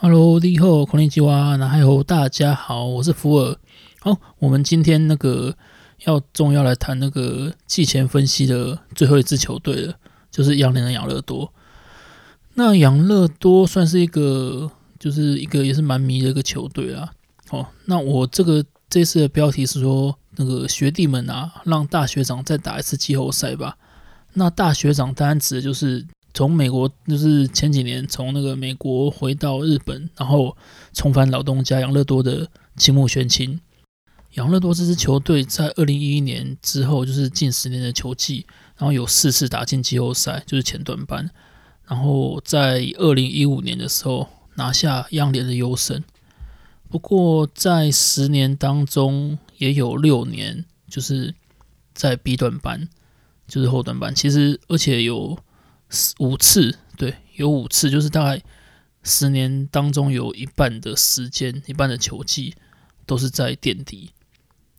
哈嘍，Hello 你好，Konnichiwa，那還有大家好，我是福爾。哦、oh,，我們今天那個要終於要來談那個季前分析的最後一支球隊了，就是央聯的養樂多。那養樂多算是一個，就是一個也是蠻迷的一個球隊啦。哦、oh,，那我這個這次的標題是說，那個學弟們啊，讓大學長再打一次季後賽吧。那大學長當然指的就是。從美國就是前幾年從那個美國回到日本，然後重返老東家養樂多的青木宣親。養樂多這支球隊在二零一一年之後，就是近十年的球季，然後有四次打進季後賽，就是前段班。然後在二零一五年的時候拿下央聯的優勝。不過在十年當中，也有六年就是在 B 段班，就是後段班。其實而且有。五次對，有五次，就是大概十年當中有一半的時間，一半的球季都是在墊底。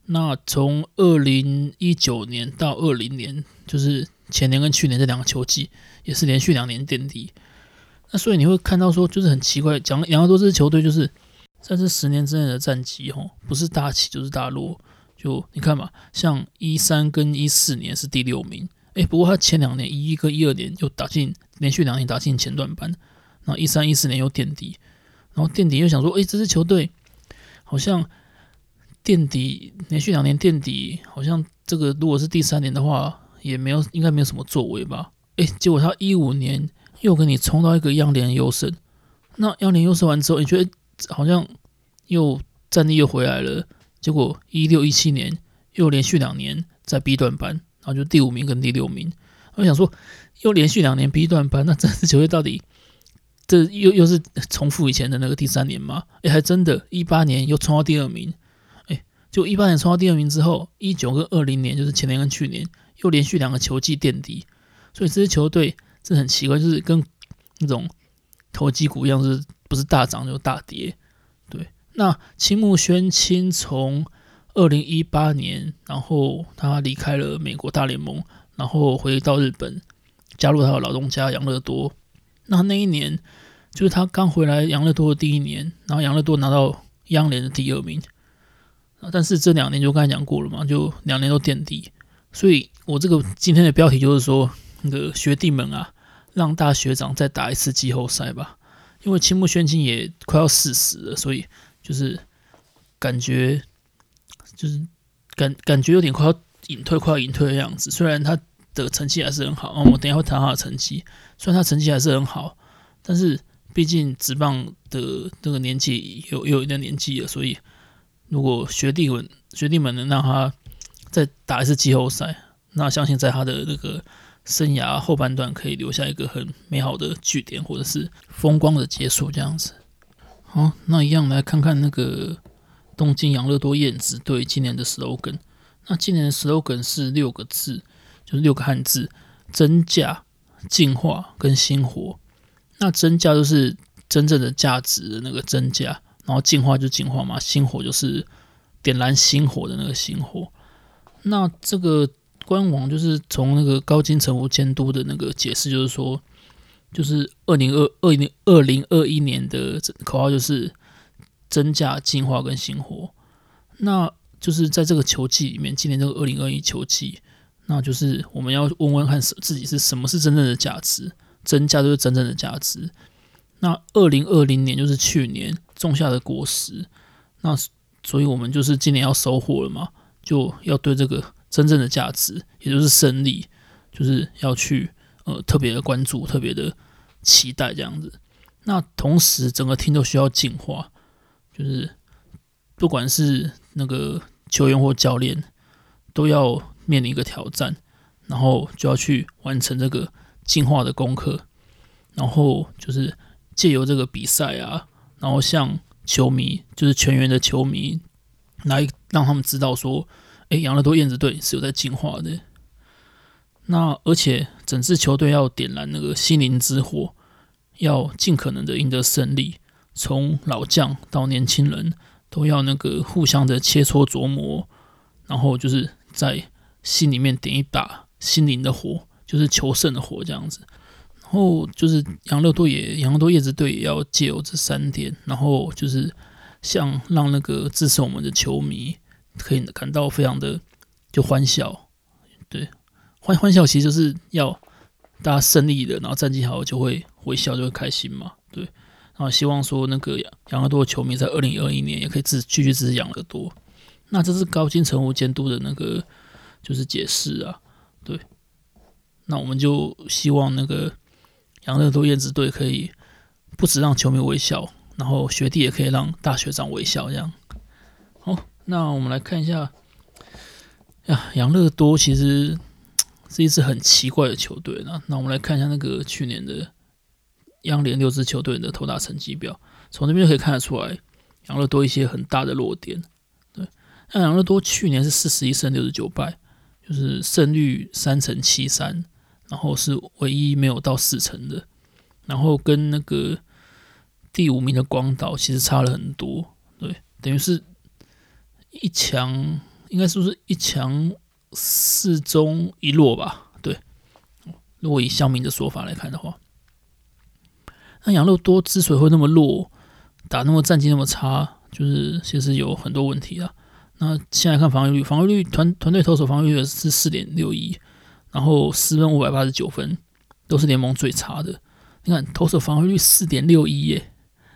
那從二零一九年到二零年，就是前年跟去年這兩個球季也是連續兩年墊底。那所以你會看到說，就是很奇怪，講養樂多這支球隊，就是在這十年之內的戰績哦，不是大起就是大落。就你看嘛，像一三跟一四年是第六名。誒，不過他前兩年一一跟一二年又打進，連續兩年打進前段班，然後一三一四年又墊底，然後墊底又想說，誒，這支球隊好像墊底，連續兩年墊底，好像這個如果是第三年的話，也沒有，應該沒有什麼作為吧？誒，結果他一五年又跟你衝到一個央聯優勝，那央聯優勝完之後，你覺得好像又戰力又回來了？結果一六一七年又連續兩年在 B 段班。然後就第五名跟第六名，我想說，又連續兩年 B 段班，那這支球隊到底這又又是重複以前的那個第三年嗎？誒，還真的，一八年又衝到第二名，誒，就一八年衝到第二名之後，一九跟二零年就是前年跟去年又連續兩個球季墊底，所以這支球隊這很奇怪，就是跟那種投機股一樣，是不是大漲就大跌，對。那青木宣親從。二零一八年，然後他離開了美國大聯盟，然後回到日本，加入他的老東家養樂多。那那一年，就是他剛回來養樂多的第一年，然後養樂多拿到央聯的第二名。但是這兩年就剛才講過了嘛，就兩年都墊底。所以我這個今天的標題就是說，那個學弟們啊，讓大學長再打一次季後賽吧，因為青木宣親也快要四十了，所以就是感覺。就是感感覺有點快要隱退，快要隱退的樣子，雖然他的成績還是很好，哦，我等一下會談他的成績。雖然他成績還是很好，但是畢竟職棒的那個年紀有有一定年紀了，所以如果學弟們、學弟們能讓他再打一次季後賽，那相信在他的那個生涯後半段，可以留下一個很美好的句點，或者是風光的結束這樣子。好，那一樣來看看那個。東京養樂多燕子對今年的 slogan，那今年的 slogan 是六個字，就是六個漢字，真價、進化跟新火。那真價就是真正的價值的那個真價，然後進化就進化嘛，新火就是點燃新火的那個新火。那這個官網就是從那個高津臣吾監督的那個解釋，就是說，就是二零二二零二零二一年的口號就是。真價進化跟新活，那就是在這個球季裡面，今年這個二零二一球季，那就是我們要問問看自己是什麼是真正的價值，真價就是真正的價值。那二零二零年就是去年種下的果實，那所以我們就是今年要收穫了嘛，就要對這個真正的價值，也就是勝利，就是要去呃特別的關注，特別的期待這樣子。那同時整個廳都需要進化。就是不管是那個球員或教練，都要面臨一個挑戰，然後就要去完成這個進化的功課，然後就是借由這個比賽啊，然後向球迷，就是全員的球迷，來讓他們知道說，誒、欸，養樂多燕子隊是有在進化的，那而且整支球隊要點燃那個心靈之火，要盡可能的贏得勝利。從老將到年輕人，都要那個互相的切磋琢磨，然後就是在心裡面點一把心靈的火，就是求勝的火這樣子。然後就是養樂多燕，養樂多燕子隊也要借由這三點，然後就是像讓那個支持我們的球迷可以感到非常的就歡笑，對歡歡笑其實就是要大家勝利的，然後戰績好就會微笑，就會開心嘛，對。啊，希望說那個養樂多的球迷在二零二一年也可以支繼續支持養樂多。那這是高津臣吾監督的那個就是解釋啊，對。那我們就希望那個養樂多燕子隊可以不只讓球迷微笑，然後學弟也可以讓大學長微笑，這樣。好，那我們來看一下，呀，養樂多其實是一支很奇怪的球隊呢，那我們來看一下那個去年的。央聯六支球隊的投打成績表，從這邊就可以看得出來，養樂多一些很大的弱點。對，那養樂多去年是四十一勝六十九敗，就是勝率三成七三，然後是唯一沒有到四成的。然後跟那個第五名的廣島其實差了很多。對，等於是一強，應該是不是一強四中一弱吧？對，如果以相明的說法來看的話。那養樂多之所以會那麼弱，打那麼戰績那麼差，就是其實有很多問題啦，那現在看防禦率，防禦率團團隊投手防禦率是四點六一，然後失分五百八十九分，都是聯盟最差的。你看投手防禦率四點六一耶，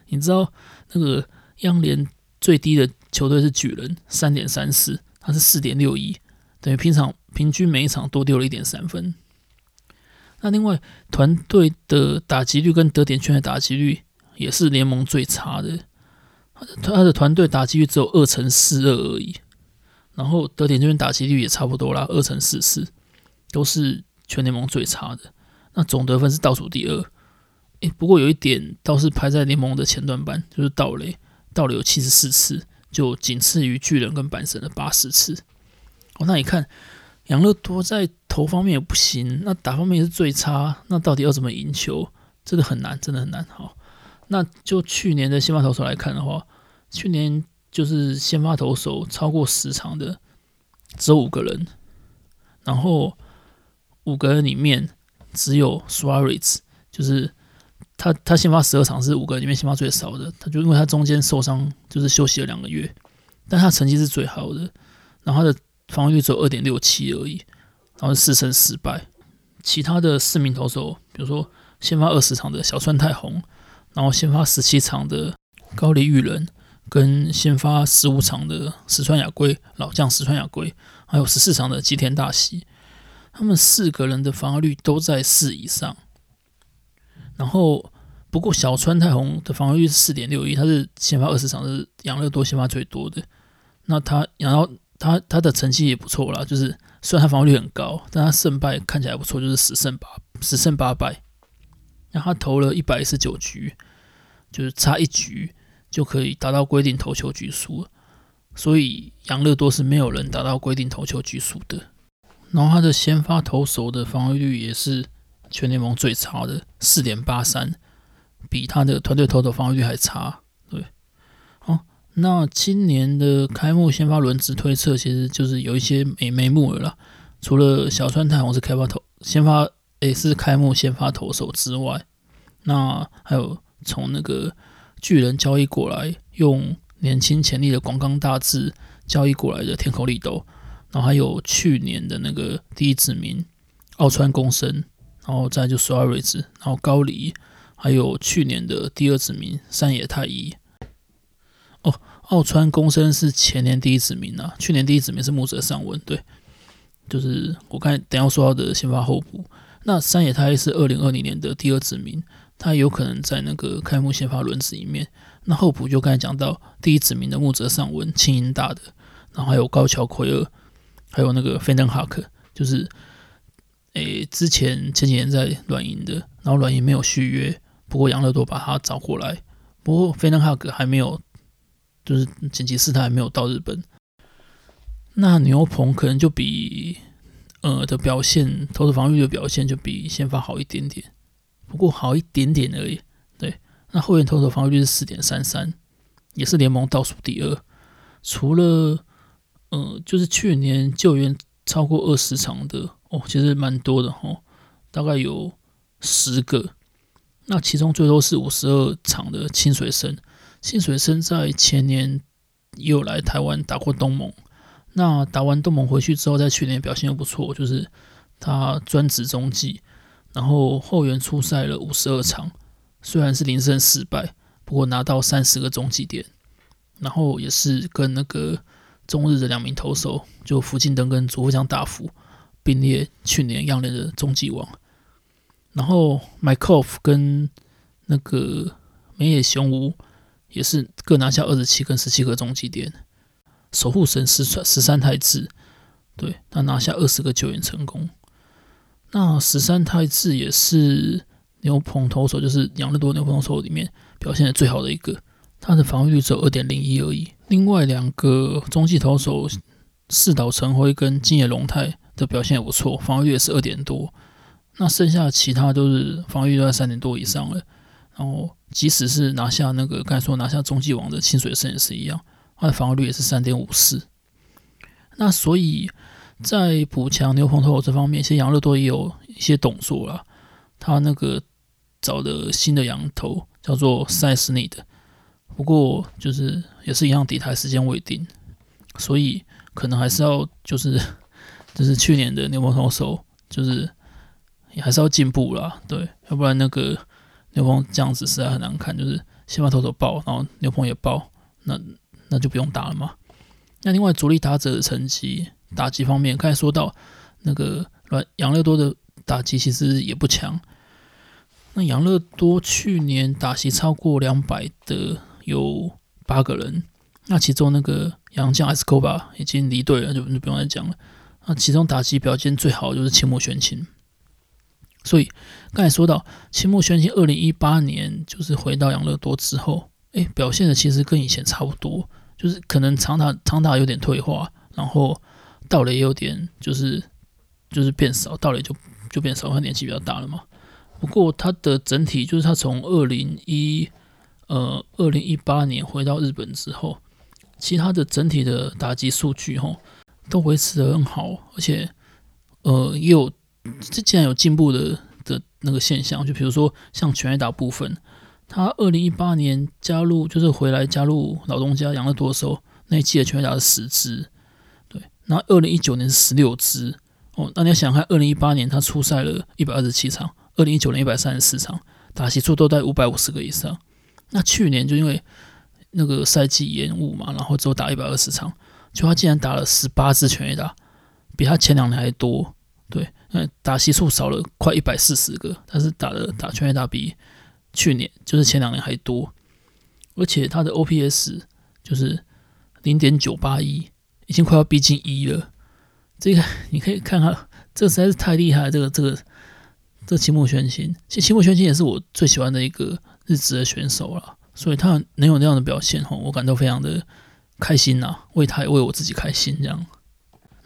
你知道那個央聯最低的球隊是舉人三點三四，他是四點六一，等於平常平均每一場多丟了一點三分。那另外，團隊的打擊率跟得點圈的打擊率也是聯盟最差的。他的團隊打擊率只有二成四二而已，然後得點圈打擊率也差不多啦，二成四四，都是全聯盟最差的。那總得分是倒數第二，誒、欸，不過有一點倒是排在聯盟的前段班，就是盜壘，盜壘有七十四次，就僅次於巨人跟阪神的八十次。哦，那你看，養樂多在。投方面也不行，那打方面也是最差。那到底要怎麼贏球？真的很難，真的很難。好，那就去年的先發投手來看的話，去年就是先發投手超過十場的只有五個人，然後五個人裡面只有 Suarez，就是他他先發十二場是五個人裡面先發最少的。他就因為他中間受傷，就是休息了兩個月，但他成績是最好的，然後他的防禦只有二點六七而已。然後是四勝四敗，其他的四名投手，比如說先發二十場的小川泰弘，然後先發十七場的高梨裕人，跟先發十五場的石川雅規，老將石川雅規，還有十四場的吉田大喜，他們四個人的防禦率都在四以上，然後不過小川泰弘的防禦率是四點六一，他是先發二十場，是養樂多先發最多的，那他養到他他的成績也不錯啦，就是雖然他防禦率很高，但他勝敗看起來不錯，就是十勝八十勝八敗。然後他投了一百一十九局，就是差一局就可以達到規定投球局數。所以養樂多是沒有人達到規定投球局數的。然後他的先發投手的防禦率也是全聯盟最差的，四點八三，比他的團隊投手防禦率還差。那今年的開幕先發輪值推測，其實就是有一些眉眉目了啦。除了小川泰弘是開發投，先發也、欸、是開幕先發投手之外，那還有從那個巨人交易過來，用年輕潛力的廣岡大志交易過來的田口麗斗，然後還有去年的那個第一指名奧川恭伸，然後再就是二位置，然後高梨，還有去年的第二指名山野太一。哦，奧川恭伸是前年第一指名啊，去年第一指名是木澤尚文，對，就是我剛才等下說到的先发後補。那山野太一是二零二零年的第二指名，他有可能在那個開幕先发輪子裡面。那後補就剛才講到第一指名的木澤尚文，慶應大的，然後還有高橋奎二，還有那個菲登哈克，就是誒之前前幾年在軟銀的，然後軟銀沒有續約，不過養樂多把他找過來，不過菲登哈克還沒有。就是前幾次他還沒有到日本，那牛棚可能就比呃的表現，投手防禦率的表現就比先發好一點點，不過好一點點而已。對，那後援投手防禦率是四點三三，也是聯盟倒數第二。除了呃，就是去年救援超過二十場的哦、喔，其實蠻多的吼，大概有十個。那其中最多是五十二場的清水昇。清水昇在前年又來台灣打過東盟，那打完東盟回去之後，在去年表現又不錯，就是他專職中繼，然後後援出賽了五十二場，雖然是零勝四敗，不過拿到三十個中繼點，然後也是跟那個中日的兩名投手，就福敬登跟祖父江大輔並列去年央聯的中繼王，然後 mycof 跟那個梅野雄吾。也是各拿下二十七跟十七個中繼點，守護神石山、石山泰稚，對，他拿下二十個救援成功。那石山泰稚也是牛棚投手，就是養樂多牛棚投手裡面表現的最好的一個，他的防禦率只有二點零一而已。另外兩個中繼投手寺島成輝跟今野龍太的表現也不錯，防禦率也是二點多。那剩下其他都是防禦率都在三點多以上了。然後，即使是拿下那個，剛才說拿下中繼王的清水昇也是一樣，他的防禦率也是三點五四。那所以在，在補強牛棚投手這方面，其實養樂多也有一些動作啦。他那個找的新的洋投叫做塞斯尼的，不過就是也是一樣底台時間未定，所以可能還是要就是就是去年的牛棚投手，就是也還是要進步啦，對，要不然那個。牛棚這樣子實在很難看，就是先把投手爆，然後牛棚也爆，那那就不用打了嘛。那另外主力打者的成績打擊方面，剛才說到那個養樂多的打擊其實也不強。那養樂多去年打擊超過兩百的有八個人，那其中那個洋將 Escobar 已經離隊了，就就不用再講了。那其中打擊表現最好的就是青木宣親。所以剛才說到青木宣親，二零一八年，就是回到養樂多之後，哎、欸，表現的其實跟以前差不多，就是可能長打、長打有點退化，然後盜壘也有點就是就是變少，盜壘就就變少，他年紀比較大了嘛。不過他的整體就是他從二零一呃二零一八年回到日本之後，其他的整體的打擊數據哈都維持的很好，而且呃又，這竟然有進步的的那個現象，就比如說像全壘打部分，他二零一八年加入就是回來加入老東家養樂多的時候，那一季的全壘打是十支，對，然後二零一九年是十六支哦。那你要想看二零一八年他出賽了一百二十七場，二零一九年一百三十四場，打席數都在五百五十個以上。那去年就因為那個賽季延誤嘛，然後只有打一百二十場，就他竟然打了十八支全壘打，比他前兩年還多。對，嗯，打席數少了快一百四十個，但是打的打全壘打比去年就是前兩年還多，而且他的 OPS 就是零點九八一，已經快要逼近一了。這個你可以看看，這個，實在是太厲害了。這個這個這青、個、木宣親，其實青木宣親也是我最喜歡的一個日職的選手了，所以他能有那樣的表現，吼，我感到非常的開心吶、啊，為他也為我自己開心這樣。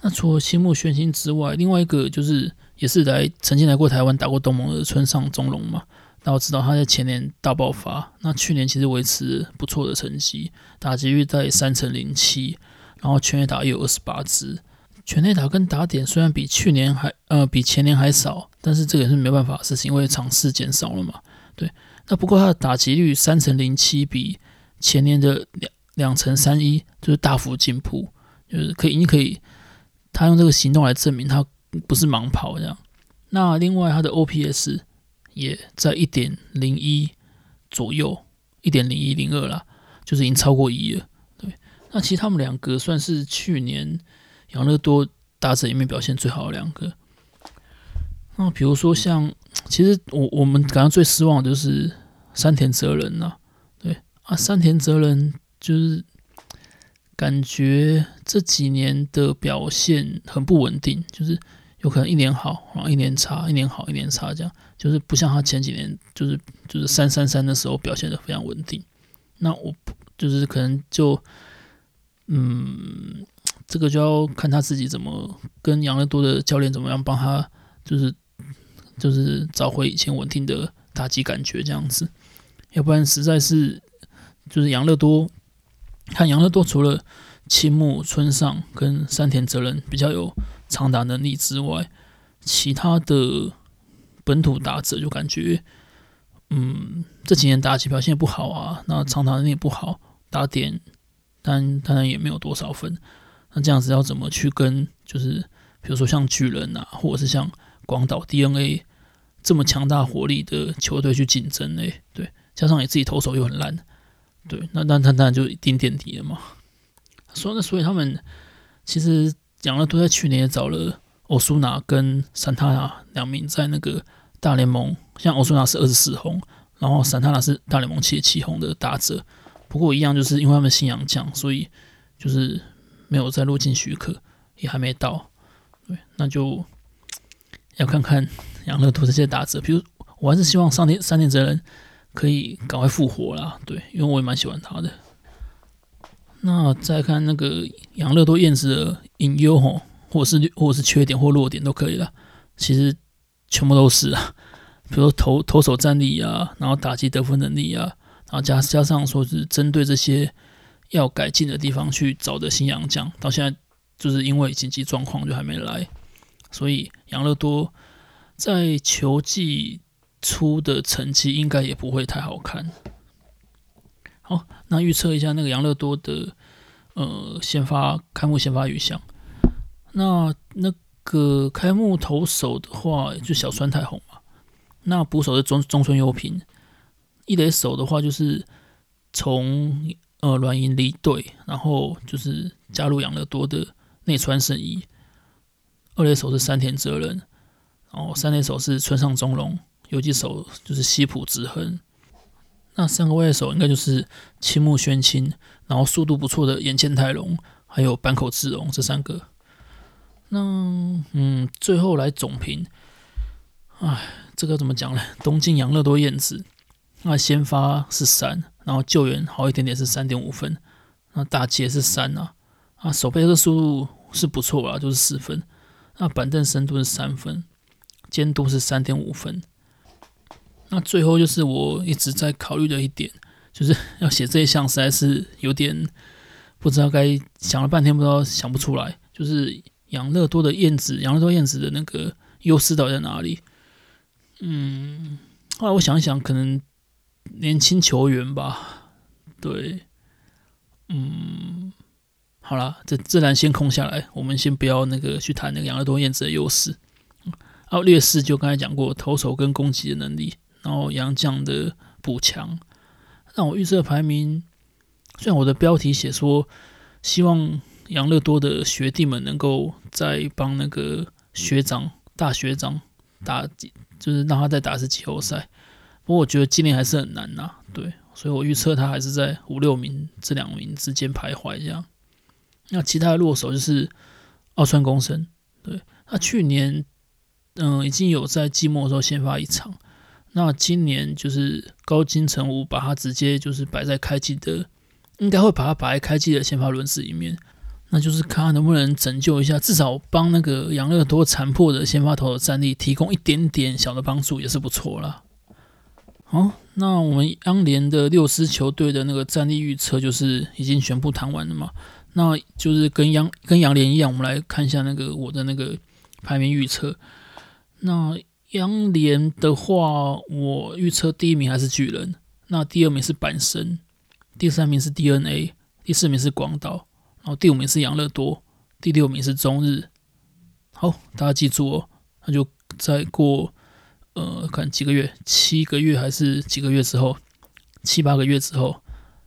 那除了青木宣親之外，另外一個就是也是來曾經來過台灣打過冬盟的村上宗隆嘛。那我知道他在前年大爆發，那去年其實維持不錯的成績，打擊率在三成零七，然後全壘打也有二十八支。全壘打跟打點雖然比去年還呃比前年還少，但是這個也是沒辦法的事情，因為場次減少了嘛。對，那不過他的打擊率三成零七比前年的兩兩成三一就是大幅進步，就是可以你可以。他用這個行動來證明他不是盲跑這樣。那另外他的 OPS 也在一點零一左右，一點零一零二啦，就是已經超過一了。對，那其實他們兩個算是去年養樂多打者裡面表現最好的兩個。那比如說像，其實我我們感到最失望的就是山田哲人了，啊，對啊，山田哲人就是。感覺這幾年的表現很不穩定，就是有可能一年好，啊，一年差，一年好，一年差這樣，就是不像他前幾年、就是，就是就是三三三的時候表現的非常穩定。那我就是可能就，嗯，這個就要看他自己怎麼跟養樂多的教練怎麼樣幫他，就是就是找回以前穩定的打擊感覺這樣子，要不然實在是就是養樂多。看養樂多，除了青木、村上跟山田哲人比較有長打能力之外，其他的本土打者就感覺，嗯，這幾年打擊表現也不好啊，那長打能力不好，打點但當然也沒有多少分。那這樣子要怎麼去跟就是比如說像巨人啊，或者是像廣島 DNA 這麼強大火力的球隊去競爭呢？欸？對，加上你自己投手又很爛。對，那那他當然就一定墊底了嘛。所以呢，所以他們其實養樂多在去年也找了歐舒拿跟桑塔納兩名在那個大聯盟，像歐舒拿是二十四轟，然後桑塔納是大聯盟七七轟的打者。不過一樣，就是因為他們信仰強，所以就是沒有在入境許可也還沒到。對，那就要看看養樂多這些打者，比如我還是希望山田、山田哲人，可以趕快復活啦，對，因為我也蠻喜歡他的。那再看那個養樂多燕子的隱憂吼，或者是或是缺點或弱點都可以啦。其實全部都是啊，比如說投投手戰力啊，然後打擊得分能力啊，然後加加上說是針對這些要改進的地方去找的新洋將，到現在就是因為緊急狀況就還沒來，所以養樂多在球季。出的成績應該也不會太好看。好,那預測一下那個養樂多的呃，先發開幕先發預想。那那個開幕投手的話，就小川泰弘嘛。那捕手是中中村悠平。一壘手的話就是從呃軟銀離隊，然後就是加入養樂多的內川聖一。二壘手是山田哲人，然後三壘手是村上宗隆。游擊手就是西浦直亨，那三個外手應該就是青木宣親，然後速度不錯的鹽見泰隆，還有坂口智隆這三個。那嗯，最後來總評，唉，這個怎麼講呢？東京養樂多燕子，那先發是三，然後救援好一點點是三點五分，那打擊是三啊，啊，守備的速度是不錯吧，就是四分，那板凳深度是三分，監督是三點五分。那最後就是我一直在考慮的一點，就是要寫這一項，實在是有點不知道該想了半天，不知道想不出來。就是養樂多的燕子，養樂多燕子的那個優勢到底在哪裡？嗯，後來我想一想，可能年輕球員吧。對，嗯，好啦，這自然先空下來，我們先不要那個去談那個養樂多燕子的優勢，然後，啊，劣勢就剛才講過，投手跟攻擊的能力。然後洋將的補強，讓我預測排名。雖然我的標題寫說希望養樂多的學弟們能夠再幫那個學長大學長打，就是讓他再打一次季後賽。不過我覺得今年還是很難吶，對，所以我預測他還是在五六名這兩名之間徘徊這樣。那其他的落手就是奧川公升，對，他去年嗯、呃、已經有在季末的時候先發一場。那今年就是高津臣吾把他直接就是擺在開季的，應該會把他擺開季的先發輪值裡面，那就是看看能不能拯救一下，至少幫那個養樂多殘破的先發投手的戰力提供一點點小的幫助也是不錯啦。哦，那我們央聯的六支球隊的那個戰力預測就是已經全部談完了嘛？那就是跟央跟洋聯一樣，我們來看一下那個我的那個排名預測。那。央聯的話，我預測第一名還是巨人，那第二名是阪神，第三名是 DNA，第四名是廣島，然後第五名是養樂多，第六名是中日。好，大家記住哦，那就再過呃，看幾個月，七個月還是幾個月之後，七八個月之後，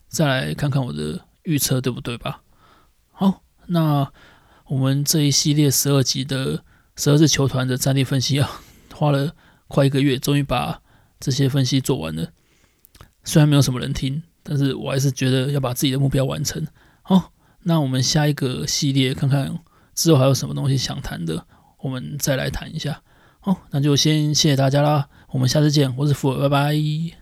再來看看我的預測對不對吧。好，那我們這一系列十二集的十二支球團的戰力分析啊。花了快一個月，終於把這些分析做完了。雖然沒有什麼人聽，但是我還是覺得要把自己的目標完成。好，那我們下一個系列看看之後還有什麼東西想談的，我們再來談一下。好，那就先謝謝大家啦，我們下次見，我是福爾，拜拜。